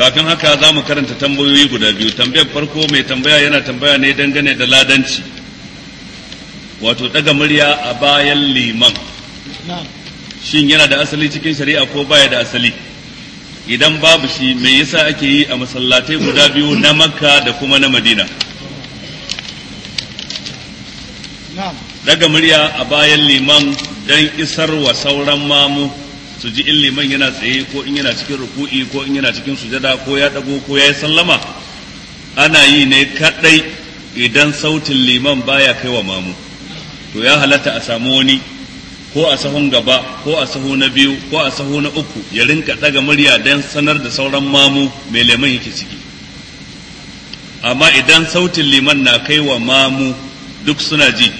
kafin haka za mu karanta tambayoyi guda biyu tambayar farko mai tambaya yana tambaya ne dangane da ladanci wato daga murya a bayan liman shin yana da asali cikin shari'a ko baya da asali idan babu shi mai yasa ake yi a masallatai guda biyu na makka da kuma na madina daga murya a bayan liman dan isar wa sauran mamu su ji in liman yana tsaye ko in yana cikin ruku'i ko in yana cikin sujada ko ya dago ko ya yi sallama ana yi ne kaɗai idan sautin liman baya kai wa mamu to ya halatta a samu wani ko a sahun gaba ko a sahu na biyu ko a sahu na uku ya rinka daga murya don sanar da sauran mamu mai liman yake ciki amma idan sautin liman na kai wa mamu duk suna ji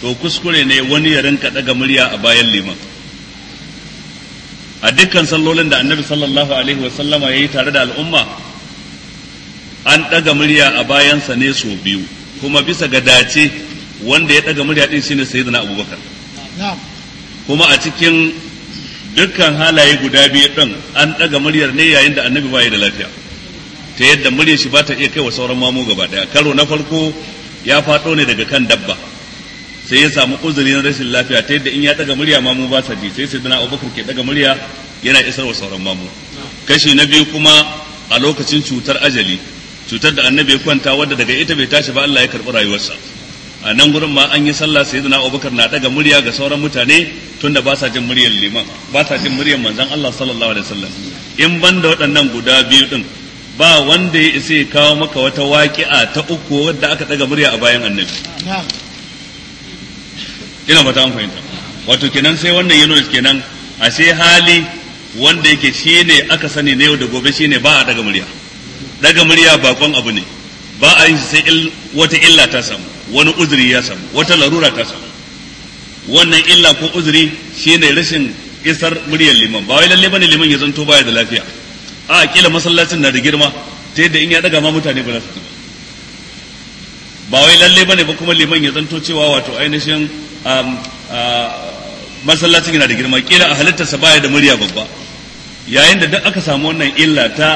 to kuskure ne wani ya rinka daga murya a bayan liman a dukkan sallolin da annabi sallallahu alaihi wasallama ya yi tare da al'umma an ɗaga murya a bayansa ne sau biyu kuma bisa ga dace wanda ya ɗaga murya din shine sai abubakar kuma a cikin dukkan halaye guda biyu ɗin an ɗaga muryar ne yayin da annabi ba da lafiya ta yadda muryar shi ba ta iya kai wa sauran mamu gaba ɗaya karo na farko ya faɗo ne daga kan dabba sai ya samu uzuri na rashin lafiya ta yadda in ya daga murya ma mu ba sa ji sai sayyidina Abubakar ke daga murya yana isar wa sauran mamu kashi na biyu kuma a lokacin cutar ajali cutar da annabi ya kwanta wadda daga ita bai tashi ba Allah ya karɓi rayuwarsa a nan gurin ma an yi sallah sayyidina Abubakar na daga murya ga sauran mutane tunda ba sa jin muryar liman ba sa jin muryar manzon Allah sallallahu alaihi wasallam in ban da waɗannan guda biyu din ba wanda ya isa ya kawo maka wata waƙi'a ta uku wadda aka daga murya a bayan annabi ina ta an fahimta wato kenan sai wannan ya kenan a ashe hali wanda yake ne aka sani na yau da gobe ne ba a daga murya daga murya bakon abu ne ba a yin sai wata illa ta samu wani uzuri ya samu wata larura ta samu wannan illa ko uzuri ne rashin isar muryar liman ba wai lalle bane liman ya zanto baya da lafiya a kila masallacin na da girma ta yadda in ya daga ma mutane ba za su ba wai lalle bane ba kuma liman ya zanto cewa wato ainihin Um, uh, masallacin yana da girma kila a halittarsa baya da murya babba yayin da duk aka samu wannan illa ta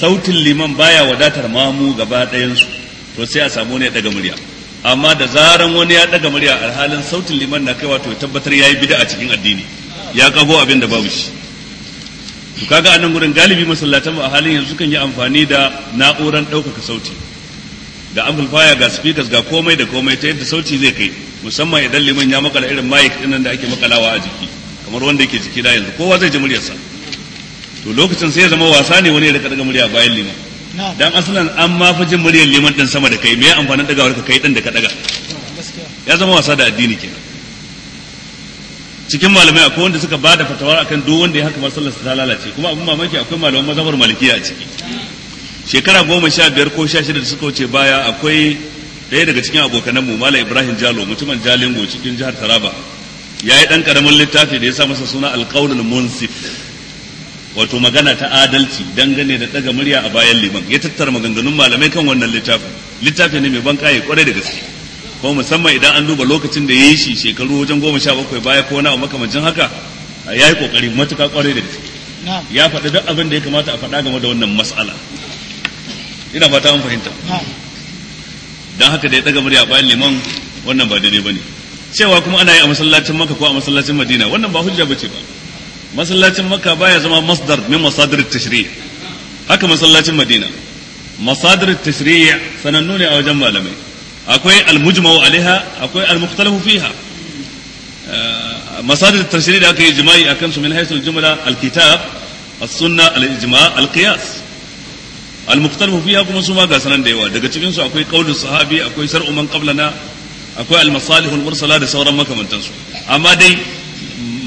sautin liman baya wadatar mamu gaba ɗayansu to sai a samu ne daga murya amma da zaran wani ya daga murya a halin sautin liman na kaiwa to tabbatar yayi bid'a a cikin addini ya kago abin da babu shi to kaga anan gurin galibi masallatan a halin yanzu kan yi amfani da na'uran ɗaukaka sauti da amplifier ga speakers ga komai da komai ta yadda sauti zai kai musamman idan liman ya makala irin mic din nan da ake makalawa a jiki kamar wanda yake jiki da yanzu kowa zai ji muryarsa to lokacin sai ya zama wasa ne wani ya daga murya bayan liman dan asalan an ma fi jin muryar liman din sama da kai me amfanin dagawar ka kai din da ka daga ya zama wasa da addini ke cikin malamai akwai wanda suka bada fatawa akan duk wanda ya haka masallar ta lalace kuma abun mamaki akwai malaman mazhabar malikiya a ciki shekara goma sha biyar ko sha shida da suka wuce baya akwai ɗaya daga cikin abokanan mu Malam Ibrahim Jalo mutumin Jalingo cikin jihar Taraba ya yi ɗan ƙaramin littafi da ya sa masa suna alƙaulul munsif wato magana ta adalci dangane da ɗaga murya a bayan liman ya tattara maganganun malamai kan wannan littafin littafi ne mai ban ƙaye kwarai da gaske kuma musamman idan an duba lokacin da ya yi shi shekaru wajen goma sha bakwai baya ko wani makamancin haka ya yi ƙoƙari matuƙa kwarai da gaske ya faɗi duk abin da ya kamata a faɗa game da wannan mas'ala ina fata an fahimta don haka da ya daga murya bayan liman wannan ba daidai ne cewa kuma ana yi a masallacin maka ko a masallacin madina wannan ba hujja bace ba masallacin maka baya zama masdar min masadir tashri haka masallacin madina masadir tashri sanannu ne a wajen malamai akwai almujma'u alaiha akwai almukhtalafu fiha eh, masadir tashri da aka yi jima'i akan su min haythu jumla alkitab as-sunna al-ijma' al-qiyas المختلف فيها كما kuma غسان ma يوا yawa daga cikin su akwai qaulun sahabi akwai shar'u man qablana akwai al-masalih al-mursala da sauran makamantansu amma dai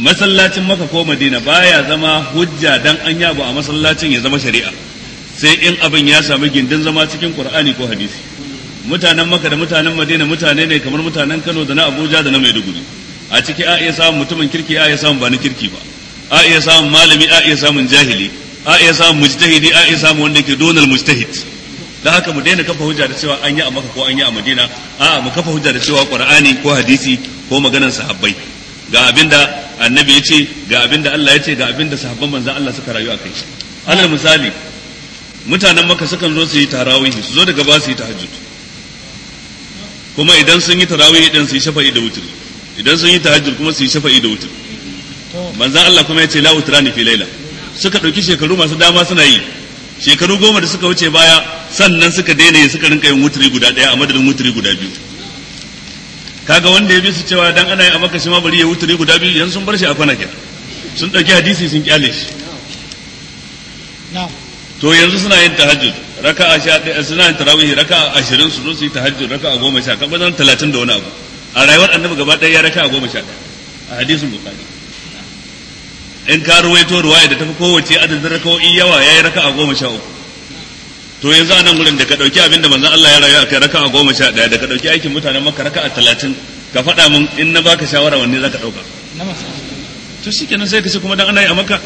masallacin maka ko madina baya zama hujja dan an yabo a masallacin ya zama shari'a sai in abin ya samu gindin zama cikin qur'ani ko hadisi mutanen maka da mutanen madina mutane ne kamar mutanen kano da na abuja da na maiduguri a ciki a iya samun mutumin kirki a iya samun ba na kirki ba a iya samun malami a iya samun jahili a iya samun mujtahidi a iya samun wanda yake donal mujtahid dan haka mu daina kafa hujja da cewa an yi a Makka ko an yi a Madina a mu kafa hujja da cewa Qur'ani ko hadisi ko maganar sahabbai ga abinda annabi ya ce ga abinda Allah ya ce ga abinda sahabban manzon Allah suka rayu a kai alal misali mutanen Makka sukan zo su yi tarawih su zo daga ba su yi tahajjud kuma idan sun yi tarawih din su yi shafa'i da wutur idan sun yi tahajjud kuma su yi shafa'i da wutur manzon Allah kuma ya ce la utrani fi laila suka ɗauki shekaru masu dama suna yi shekaru goma da suka wuce baya sannan suka daina yi suka rinka yin wuturi guda ɗaya a madadin wuturi guda biyu kaga wanda ya bi su cewa dan ana yin a maka shi ma bari ya wuturi guda biyu yanzu sun bar shi a kwana kenan sun ɗauki hadisi sun kyale shi to yanzu suna yin tahajjud raka a sha ɗaya eh, suna yin tarawih raka a ashirin su zo su yi tahajjud raka a goma sha kamar zan talatin da wani abu a rayuwar annabi gaba ɗaya ya raka a goma sha ɗaya a hadisin bukari in ka ruwaito ruwaya da tafi kowace adadin raka'o'i yawa yayi raka'a goma sha uku to yanzu a nan gurin da ka dauki abinda manzon Allah ya rayu a raka raka'a goma sha ɗaya da ka dauki aikin mutanen maka raka'a talatin ka faɗa min in na baka shawara wanne za ka dauka to kenan sai ka ce kuma dan ana yi a maka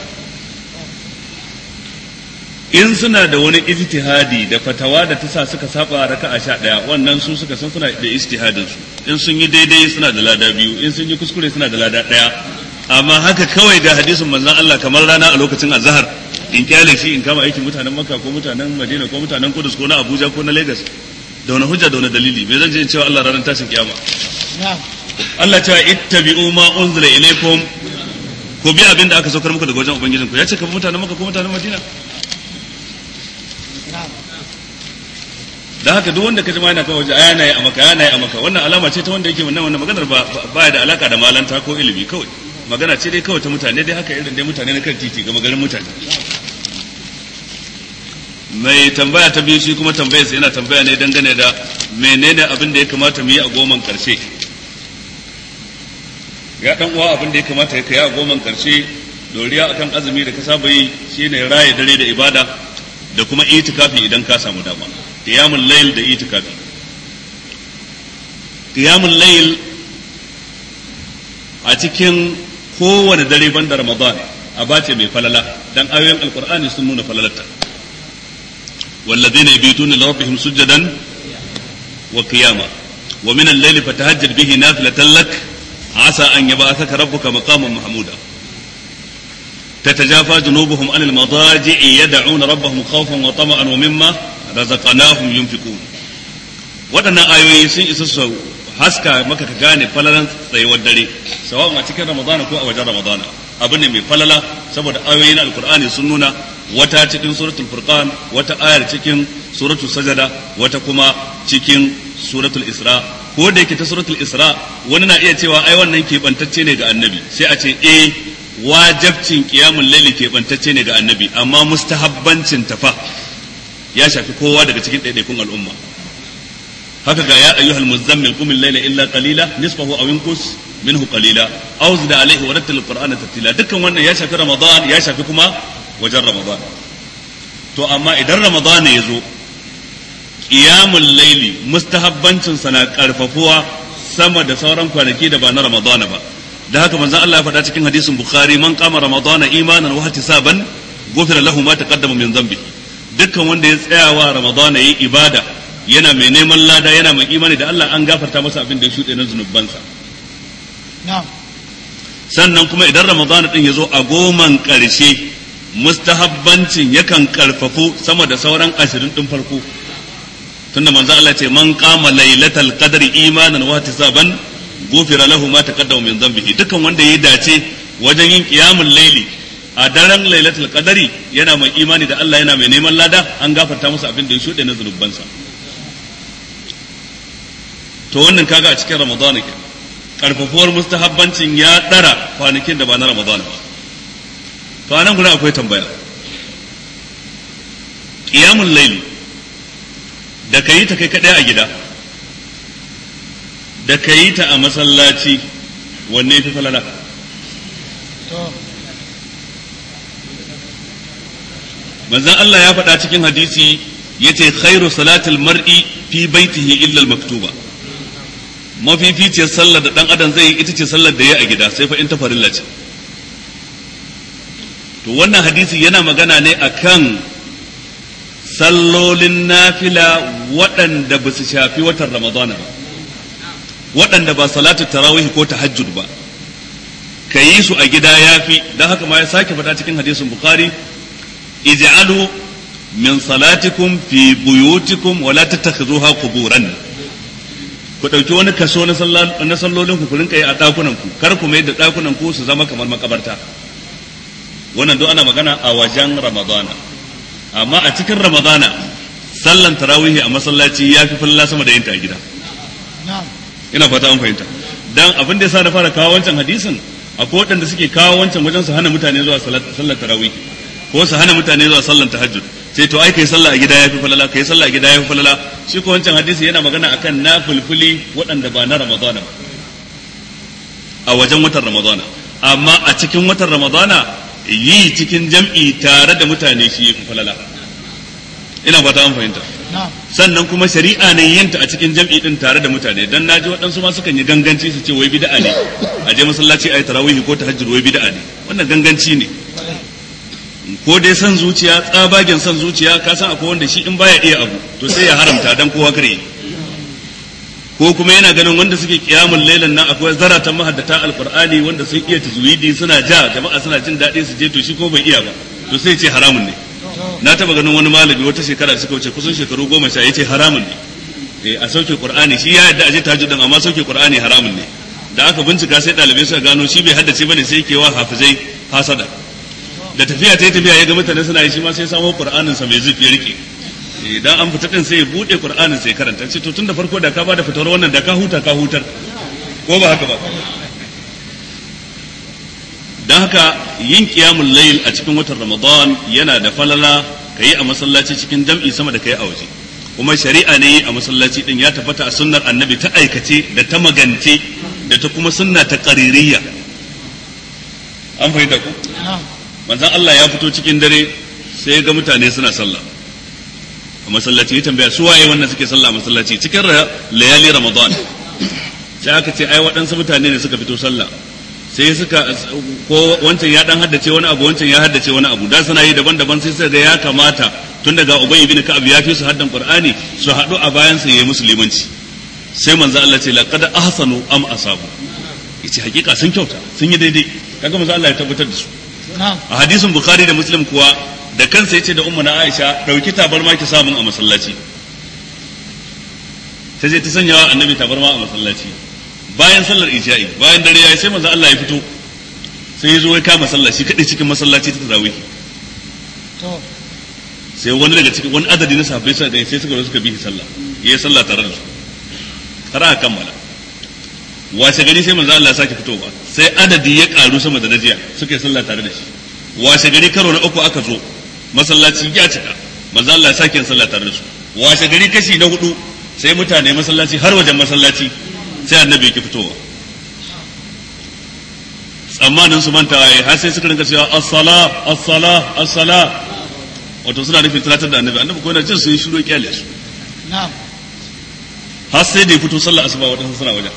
in suna da wani ijtihadi da fatawa da ta sa suka saba raka'a sha ɗaya wannan su suka san suna da ijtihadin su in sun yi daidai suna da lada biyu in sun yi kuskure suna da lada ɗaya amma haka kawai da hadisin manzon Allah kamar rana a lokacin azhar in kyale shi in kama aikin mutanen Makka ko mutanen Madina ko mutanen Kudus ko na Abuja ko na Lagos da wani hujja da wani dalili me zan je in cewa Allah ranar tashin kiyama Allah ta ittabi'u ma unzila ilaykum ko bi abin da aka saukar muku daga wajen ubangijin ku ya ce ka mutanen Makka ko mutanen Madina da haka duk wanda ka jima yana kawai waje aya na yi a maka aya na yi a maka wannan alama ce ta wanda yake wannan wannan maganar ba ya da alaka da malanta ko ilimi kawai magana ce dai kawai ta mutane dai haka irin dai mutane na kan titi gama garin mutane mai tambaya ta biyu shi kuma tambayarsa yana tambaya ne dangane da menene abin da ya kamata mu yi a goman karshe ya dan uwa abin da ya kamata ka yi a goman karshe doriya akan azumi da ka saba yi shine raye dare da ibada da kuma itikafi idan ka samu dama qiyamul layl da itikafi qiyamul layl a cikin kowane dare banda ramadan aba ce mai falala dan ayoyin alqur'ani sun nuna falalarta والذين يبيتون لربهم سجدا وقياما ومن الليل فتهجد به نافلة لك عسى أن يبعثك ربك مقاما محمودا تتجافى جنوبهم عن المضاجع يدعون ربهم خوفا وطمعا ومما رزقناهم ينفقون waɗannan ayoyi sun isa su haska maka ka gane falalan tsayuwar dare sawa a cikin ramadana ko a wajen ramadana abu ne mai falala saboda ayoyin alkur'ani sun nuna wata cikin suratul furqan wata ayar cikin suratul sajada wata kuma cikin suratul isra ko da yake ta suratul isra wani na iya cewa ai wannan keɓantacce ne ga annabi sai a ce eh wajabcin qiyamul laili keɓantacce ne ga annabi amma mustahabbancin tafa ya shafi kowa daga cikin ɗaiɗaikun al'umma haka ga ya ayyuhal muzammil qum al-layla illa qalila nisfahu aw inqus minhu qalila aw zid alayhi wa rattil qurana tartila dukkan wannan ya shafi ramadan ya shafi kuma wajen ramadan to amma idan ramadan ya zo qiyamul layli mustahabbancin sa na karfafuwa sama da sauran kwanaki da ba na ramadan ba da haka manzon Allah ya faɗa cikin hadisin bukhari man qama ramadan imanan wa ihtisaban ghufira lahu ma taqaddama min dhanbi dukkan wanda ya tsaya wa ramadan yayi ibada yana mai neman lada yana mai imani da Allah an gafarta masa abin da ya shuɗe na zunubansa sannan kuma idan ramadana din ya zo a goman ƙarshe mustahabbancin yakan ƙarfafu sama da sauran ashirin din farko tunda manzo Allah ce man kama lailatal qadri imanan wa tisaban gufira lahu ma taqaddama min dhanbihi dukan wanda ya dace wajen yin qiyamul laili a daren lailatul qadari yana mai imani da Allah yana mai neman lada an gafarta masa abin da ya shuɗe na zunubansa to wannan kaga a cikin ramadana ke karfafuwar mustahabbancin ya dara kwanakin da ba na ramadana ba to nan guda akwai tambaya ƙiyamun laili da ka yi ta kai kaɗai a gida da ka yi ta a masallaci wanne fi falala manzan Allah ya faɗa cikin hadisi ya ce, khairu salatul mar'i fi baitihi illa al-maktuba mafificiyar sallar da dan adam zai yi ita ce sallar da ya a gida sai fa in ta farilla ce to wannan hadisi yana magana ne akan sallolin nafila waɗanda ba su shafi watan ramadana ba waɗanda ba salatu tarawih ko tahajjud ba ka yi su a gida ya fi don haka ma ya sake faɗa cikin hadisin bukhari ij'alu min salatikum fi buyutikum wa la tattakhizuha quburan ku ɗauki wani kaso na sallolin ku rinka yi a ɗakunan ku kar ku mai da ɗakunan ku su zama kamar makabarta wannan duk ana magana a wajen ramadana amma a cikin ramadana sallan tarawihi a masallaci ya fi falla sama da yinta a gida ina fata an fahimta dan abin da ya sa na fara kawo wancan hadisin akwai waɗanda suke kawo wancan wajen su hana mutane zuwa sallar tarawihi ko su hana mutane zuwa sallar tahajjud sai to ai kai sallah a gida ya fi falala kai sallah a gida ya fi falala shi ko wancan hadisi yana magana akan nafulfuli waɗanda ba na ramadana ba a wajen watan ramadana amma a cikin watan ramadana yi cikin jam'i tare da mutane shi yafi falala ina ta an fahimta sannan kuma shari'a ne yinta a cikin jam'i din tare da mutane dan naji waɗansu ma sukan yi ganganci su ce wai bid'a ne a je masallaci ayi tarawih ko tahajjud wai bid'a ne wannan ganganci ne ko dai san zuciya tsabagen san zuciya ka san akwai wanda shi in baya iya abu to sai ya haramta dan kowa kare ko kuma yana ganin wanda suke kiyamul lailan nan akwai zarata mahaddata alqur'ani wanda sun iya tazwidi suna ja jama'a suna jin daɗi su je to shi ko bai iya ba to sai ce haramun ne na taba ganin wani malami wata shekara suka wuce kusan shekaru goma sha yace haramun ne eh, a sauke qur'ani shi ya yadda aje tajuddan amma sauke qur'ani haramun ne da aka bincika sai dalibai suka gano shi bai haddace bane sai yake wa hafizai fasada da tafiya ta yi tafiya ya ga mutane suna yi shi ma sai samo mai zufi ya rike idan an fita din sai ya bude qur'anin sai karanta ce to tun da farko da ka bada fitar wannan da ka huta ka hutar ko ba haka ba dan haka yin qiyamul layl a cikin watan ramadan yana da falala kayi a masallaci cikin jam'i sama da kai a waje kuma shari'a ne a masallaci din ya tabbata a sunnar annabi ta aikace da ta magance da ta kuma sunna ta qaririyya an fahimta ku manzan Allah ya fito cikin dare sai ga mutane suna sallah a masallaci ya tambaya su waye wannan suke sallah a masallaci cikin layali ramadan sai aka ce ai waɗansu mutane ne suka fito sallah sai suka ko wancan ya dan haddace wani abu wancan ya haddace wani abu da suna yi daban-daban sai suka ga ya kamata tun daga ubay ibn ka'ab ya fi su haddan qur'ani su haɗu a bayan sa yayi musulmanci sai manzo Allah ce laqad ahsanu am asabu yace hakika sun kyauta sun yi daidai kaga manzo Allah ya tabbatar da su a hadisin bukhari da muslim kuwa da kansa yace da ummu na aisha dauki tabarma ki samun a masallaci ta je ta sanya wa annabi tabarma a masallaci bayan sallar isha'i bayan dare yayi sai manzo Allah ya fito sai ya zo ya kama masallaci kadai cikin masallaci ta tarawih to sai wani daga cikin wani adadi na sahabbai sai suka zo suka bi sallah yayi sallah tare da su har kammala washe gari sai manzo Allah ya sake fitowa sai adadi ya karu sama da najiya suka yi sallah tare da shi washe gari karo na uku aka zo masallaci ya cika manzo Allah ya sake yin sallah tare da su washe gari kashi na hudu sai mutane masallaci har wajen masallaci sai annabi yake fitowa tsammanin su manta ai har sai suka rinka cewa as-sala as-sala as-sala wato suna nufin talatar da annabi annabi ko yana jin su yi shiru kyale su na'am har sai da ya fito sallah asuba wadansu suna wajen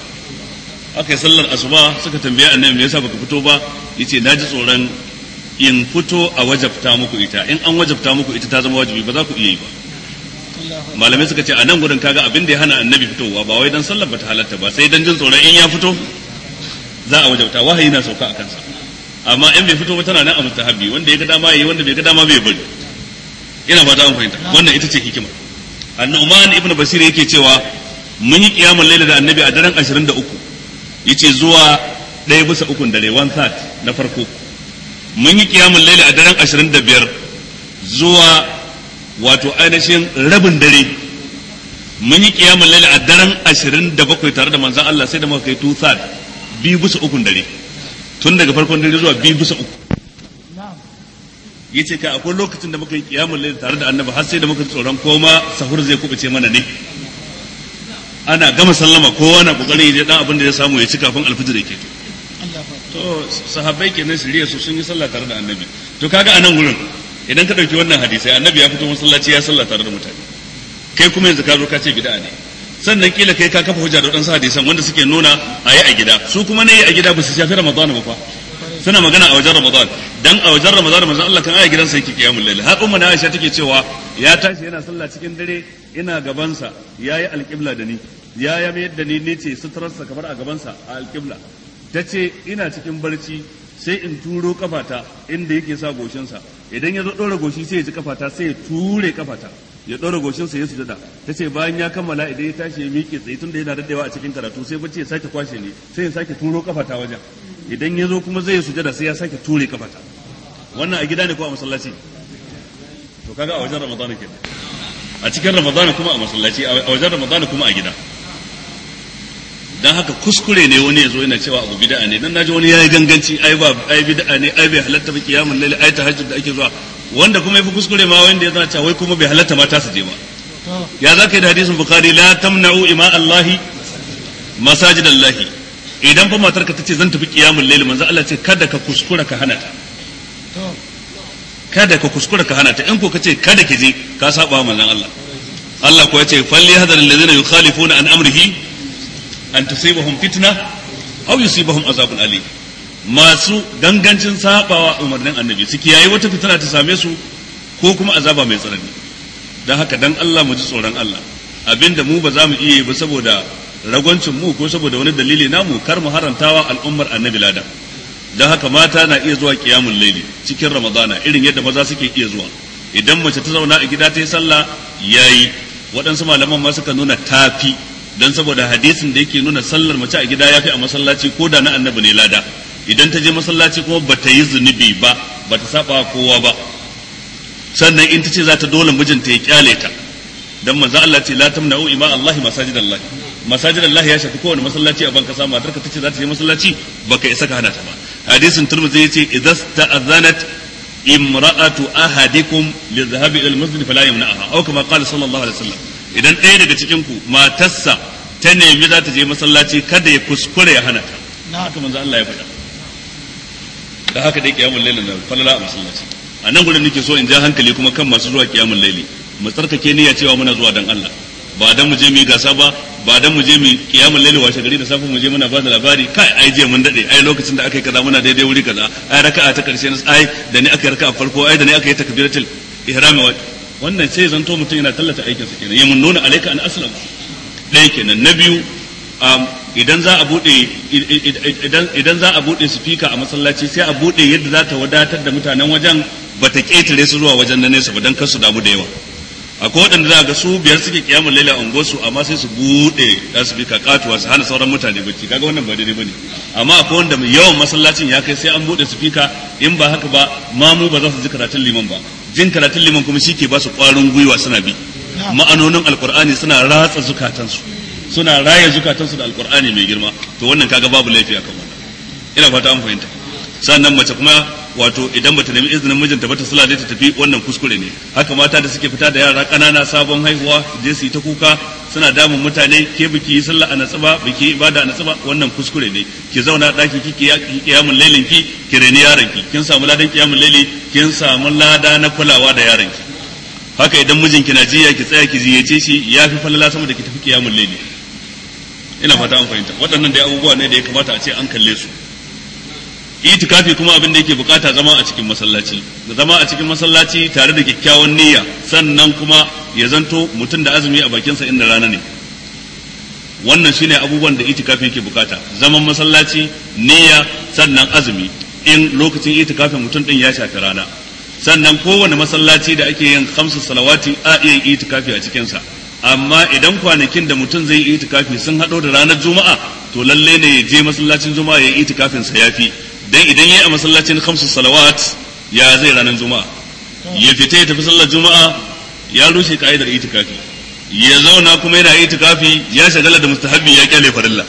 aka yi sallar asuba suka tambaya annabi me yasa baka fito ba yace na ji tsoron in fito a wajabta muku ita in an wajabta muku ita ta zama wajibi ba za ku iya yi ba malamai suka ce a nan gurin kaga abin da ya hana annabi fitowa ba wai dan sallar bata halatta ba sai dan jin tsoron in ya fito za a wajabta wahayi na sauka a kansa amma in bai fito ba tana nan a mustahabi wanda ya ga dama yayi wanda bai ga dama bai bari ina fata an fahimta wannan ita ce hikima annu'man ibnu basir yake cewa mun yi kiyamul laila da annabi a daren 23 yace zuwa ɗaya bisa ukun dare one third na farko mun yi kiyamun laila a daren ashirin da biyar zuwa wato ainihin rabin dare mun yi kiyamun laila a daren ashirin da bakwai tare da manzan Allah sai da muka kai two third biyu bisa ukun dare tun daga farkon dare zuwa biyu bisa uku yace ka akwai lokacin da muka yi kiyamun laila tare da annabi har sai da muka tsoron koma sahur zai kubuce mana ne ana gama sallama kowa na kokarin ya dan abin da ya samu ya ci kafin alfijir yake to sahabbai kenan shirye su sun yi sallah tare da annabi to kaga anan wurin idan ka dauki wannan hadisai annabi ya fito masallaci ya sallah tare da mutane kai kuma yanzu ka zo ka ce bid'a ne sannan kila kai ka kafa hujja da wadansu hadisan wanda suke nuna a yi a gida su kuma ne a gida ba su shafi ramadan ba fa suna magana a wajen ramadan dan a wajen ramadan manzon Allah kan aya gidansa yake kiyamul layl har ummu Aisha take cewa ya tashi yana sallah cikin dare ina sa yayi alqibla da ni ya yi mayar da ni ne ce suturarsa kamar a gabansa a alƙibla ta ce ina cikin barci sai in turo kafata inda yake sa goshinsa idan ya zo ɗora goshi sai ya ji kafata sai ya ture kafata ya ɗora goshinsa ya sujada ta ce bayan ya kammala idan ya tashi ya miƙe tsaye tun da yana daddewa a cikin karatu sai bacci ya sake kwashe ne sai ya sake turo kafata wajen idan ya zo kuma zai sujada sai ya sake ture kafata wannan a gida ne ko a masallaci to kaga a wajen ramadana kenan a cikin ramadana kuma a masallaci a wajen ramadana kuma a gida dan haka kuskure ne wani ya zo yana cewa abu bid'a ne dan naji wani yayi ganganci ai ba ai bid'a ne ai bai halatta ba kiyamul layl ai tahajjud da ake zuwa wanda kuma yafi kuskure ma wanda ya zana cewa wai kuma bai halatta ma ta su je ba ya zaka yi da hadisin bukhari la tamna'u ima allahi allahi idan fa ka tace zan tafi kiyamul layl manzo Allah ce kada ka kuskura ka hana ta kada ka kuskura ka hana ta in ko ka ce kada ki je ka saba manzon Allah Allah ko ce falli hadar alladhina yukhalifuna an amrihi an tusibahum fitna aw yusibahum azabun ali masu gangancin sabawa umarnin annabi su kiyaye wata fitna ta same su ko kuma azaba mai tsanani dan haka dan Allah mu ji tsoron Allah abinda mu ba za mu iya ba saboda ragwancin mu ko saboda wani dalili namu kar mu harantawa al'ummar annabi ladan dan haka mata na iya zuwa qiyamul layli cikin ramadana irin yadda maza suke iya zuwa idan mace ta zauna a gida ta yi sallah yayi waɗansu malaman ma suka nuna tafi dan saboda hadisin da yake nuna sallar mace a gida yafi a masallaci ko da na annabi ne lada idan ta je masallaci kuma bata yi zunubi ba bata saba kowa ba sannan in ta ce za ta dole mijinta ya kyale ta dan manzo Allah ce la tamna'u ima Allah masajidallahi masajidallahi ya shafi kowane masallaci a banka samu matarka tace za ta je masallaci baka isa ka hana ta ba hadisin turmuzi yace idza ta'azanat imra'atu ahadikum li dhahabi ila al-masjid fala yamna'aha aw kama qala sallallahu alaihi wasallam idan ɗaya daga cikin ku matarsa ta nemi za ta je masallaci kada ya kuskure ya hana ta na haka manzo Allah ya faɗa da haka dai kiyamul laili na falala a masallaci a nan gurin nake so in ja hankali kuma kan masu zuwa kiyamul laili mu tsarkake niyya cewa muna zuwa dan Allah ba dan mu je mu yi gasa ba ba dan mu je mu kiyamul laili washe gari da safe mu je muna ba da labari kai ai je mun dade ai lokacin da aka yi kaza muna daidai wuri kaza ai raka'a ta karshe na ai da ni aka yi raka'a farko ai da ni aka yi takbiratul ihrami wannan sai zanto mutum yana tallata aikinsa kenan ya mun nuna alaika an aslam ɗaya kenan na biyu um, idan za a bude idan za a bude sufika a masallaci sai a buɗe yadda za ta wadatar da mutanen wajen ba ta ketare su zuwa wajen na nesa ba don kar su damu da yawa akwai waɗanda za ga su biyar suke kiyamun laila a su amma sai su buɗe da su bika katuwa su hana sauran mutane bacci kaga wannan ba daidai bane amma akwai wanda yawan masallacin ya kai sai an buɗe sufika in ba haka ba mamu ba za su ji karatun liman ba jin karatun liman kuma shi ke ba su ƙwarin gwiwa suna bi ma'anonin alkur'ani suna ratsa zukatansu suna raya zukatansu da alkur'ani mai girma to wannan kaga babu laifi a kan wannan ina fata an fahimta sannan mace kuma wato idan bata nemi izinin mijinta ba ta sula ta tafi wannan kuskure ne haka mata da suke fita da yara ƙanana sabon haihuwa je su yi ta kuka suna damun mutane ke biki yi sallah a natsuba biki ibada a natsuba wannan kuskure ne ki zauna ɗaki ki kiyamun lailin ki ki reni yaron ki kin samu ladan kiyamun laili kin samu lada na kulawa da yaron ki haka idan mijinki na jiya ki tsaya ki ziyarce shi ya fi falala sama da ki tafi kiyamun laili ina fata an fahimta waɗannan dai abubuwa ne da ya kamata a ce an kalle su itikafi kuma abin da yake bukata zama a cikin masallaci zama a cikin masallaci tare da kyakkyawan niyya sannan kuma ya zanto mutum da azumi a bakinsa inda rana ne wannan shine abubuwan da itikafi yake bukata zaman masallaci niyya sannan azumi in lokacin itikafin mutum din ya shafi rana sannan kowane masallaci da ake yin hamsu salawati a iya itikafi a cikinsa amma idan kwanakin da mutum zai yi itikafi sun haɗo da ranar juma'a to lalle ne ya je masallacin juma'a ya yi itikafin sa yafi dan idan yayi a masallacin khamsu salawat ya zai ranar juma'a ya fita ya tafi sallar juma'a ya rushe ka'idar itikafi ya zauna kuma yana itikafi ya shagala da mustahabbi ya kyale farilla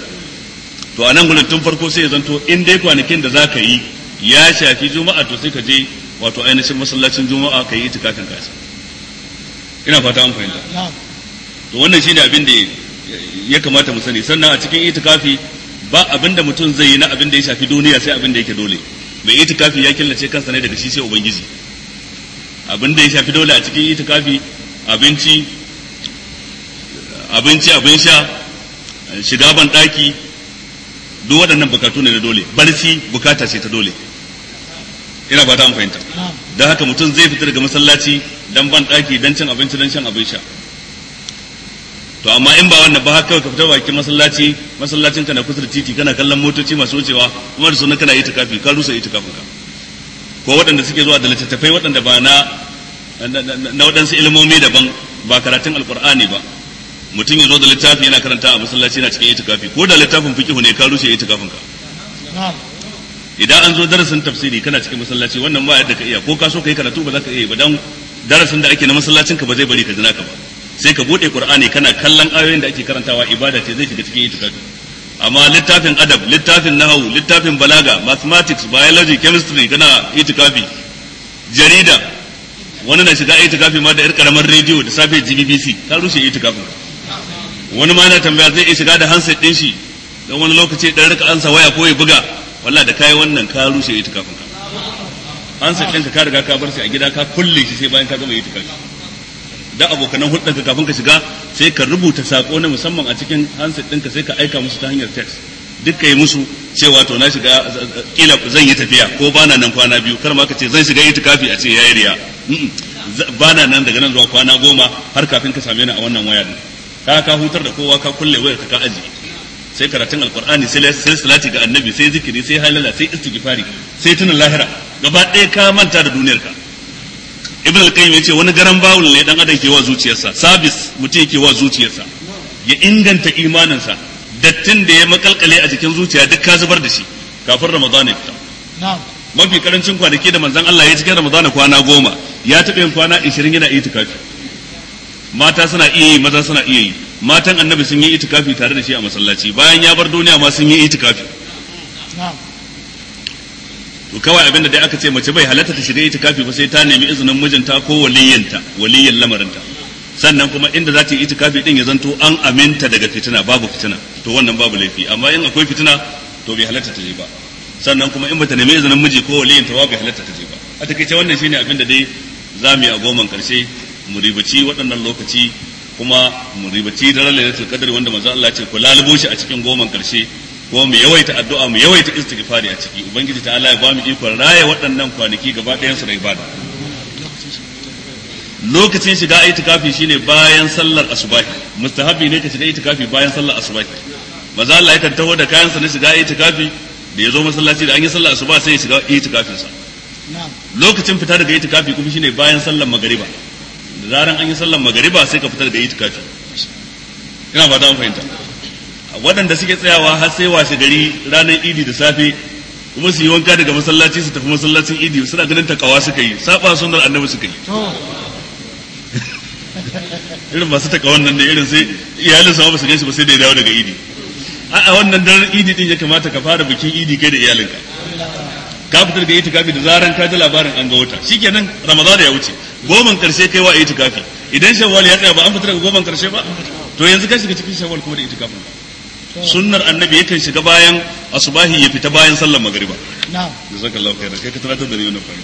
to anan gurin tun farko sai ya zanto in dai kwanakin da zaka yi ya shafi juma'a to sai ka je wato ainihin masallacin juma'a ka yi itikafin ka ina fata an fahimta to wannan shine abin da ya kamata mu sani sannan a cikin itikafi ba abin da mutum zai yi na abin da ya shafi duniya sai abin da yake dole mai itikafi ya killace kansa ne daga shi sai ubangiji abin da ya shafi dole a cikin itikafi abinci abinci abin sha shiga ban daki duk waɗannan bukatu ne na dole barci bukata ce ta dole ina ba ta fahimta don haka mutum zai fita daga masallaci dan ban daki dan cin abinci dan shan abin sha to amma in ba wannan ba haka ka fita bakin masallaci masallacin ka na kusa da titi kana kallon motoci masu wucewa kuma da sunan kana yi tikafi ka rusa yi tikafin ka ko waɗanda suke zuwa da littattafai waɗanda ba na na waɗansu ilmomi daban ba karatun alkur'ani ba mutum ya zo da littafi yana karanta a masallaci yana cikin itikafi ko da littafin fiqihu ne ka rushe itikafin ka idan an zo darasin tafsiri kana cikin masallaci wannan ba yadda ka iya ko ka so yi karatu ba za ka iya ba dan darasin da ake na masallacin ka ba zai bari ka jina ka ba sai ka bude qur'ani kana kallon ayoyin da ake karantawa ibada ce zai shiga cikin ita kaka amma littafin adab littafin nahwu littafin balaga mathematics biology chemistry kana itikafi jarida wani na shiga itikafi ma da yar karamar radio da safe GBBC ka rushe itikafin wani ma yana tambaya zai iya shiga da handset din shi don wani lokaci dan rika ansa waya ko ya buga wallahi da kai wannan ka rushe itikafin ka handset ɗinka ka riga ka bar shi a gida ka kulle shi sai bayan ka gama itikafi da abokanan hulɗar ka kafin ka shiga sai ka rubuta sako na musamman a cikin handset ɗinka sai ka aika musu ta hanyar text duk kai yi musu cewa to na shiga kila zan yi tafiya ko bana nan kwana biyu kar ma ka ce zan shiga itikafi a ce yayi riya bana nan daga nan zuwa kwana goma har kafin ka same ni a wannan waya ka ka hutar da kowa ka kulle wayar ka ka ajiye sai karatun alkur'ani sai salati ga annabi sai zikiri sai halala sai istighfari sai tunan lahira gaba ɗaya ka manta da duniyarka ibn al-qayyim yace wani garan bawul ne dan adam ke wa zuciyarsa sabis mutum yake wa zuciyarsa ya inganta imaninsa dattin da ya makalkale a jikin zuciya duk ka zubar da shi kafin ramadan ya fita mafi karancin kwanaki da manzon Allah ya cikin ramadan kwana goma ya taɓa yin kwana 20 yana itikafi mata suna iya yi maza suna iya yi matan annabi sun yi itikafi tare da shi a masallaci bayan ya bar duniya ma sun yi itikafi kawai abin da dai aka ce mace bai halatta ta shiga itikafi ba sai ta nemi izinin mijinta ko waliyinta waliyin lamarinta sannan kuma inda za ta yi itikafi din ya zanto an aminta daga fitina babu fitina to wannan babu laifi amma in akwai fitina to bai halatta ta je ba sannan kuma in bata nemi izinin miji ko waliyinta ba bai halatta ta je ba a takaice wannan shine abin da dai za mu yi a goman karshe mu ribaci waɗannan lokaci kuma mu ribaci daren lailatul qadr wanda manzo Allah ya ce ku lalubo shi a cikin goman karshe kuma mu yawaita addu'a mu yawaita istighfari a ciki ubangiji ta Allah ya ba mu ikon raya waɗannan kwanaki gaba ɗayan su da ibada lokacin shiga itikafi shine bayan sallar asubahi mustahabi ne ka shiga itikafi bayan sallar asubahi maza Allah ya taho da kayan sa na shiga itikafi da ya zo masallaci da an yi sallar asuba sai ya shiga itikafin sa lokacin fita daga itikafi kuma shine bayan sallar magariba da zaran an yi sallar magariba sai ka fita daga itikafi ina ba da an fahimta waɗanda suke tsayawa har sai washe gari ranar idi da safe kuma su yi wanka daga masallaci su tafi masallacin idi suna ganin takawa suka yi saba sunan annabi suka yi irin masu taka wannan da irin sai iyalin sama basu su gaishe ba sai da ya dawo daga idi a wannan daren idi din ya kamata ka fara bikin idi kai da iyalinka ka fitar da itikafi da zaran ka ji labarin an ga wata shikenan ramadan ya wuce goman karshe kai wa itikafi idan shawwal ya tsaya ba an fitar da goman karshe ba to yanzu ka shiga cikin shawwal kuma da itikafin ba sunnar annabi yakan shiga bayan asubahi ya fita bayan sallar magriba na'am jazakallahu khairan kai ka tunatar da ni wannan fa'ida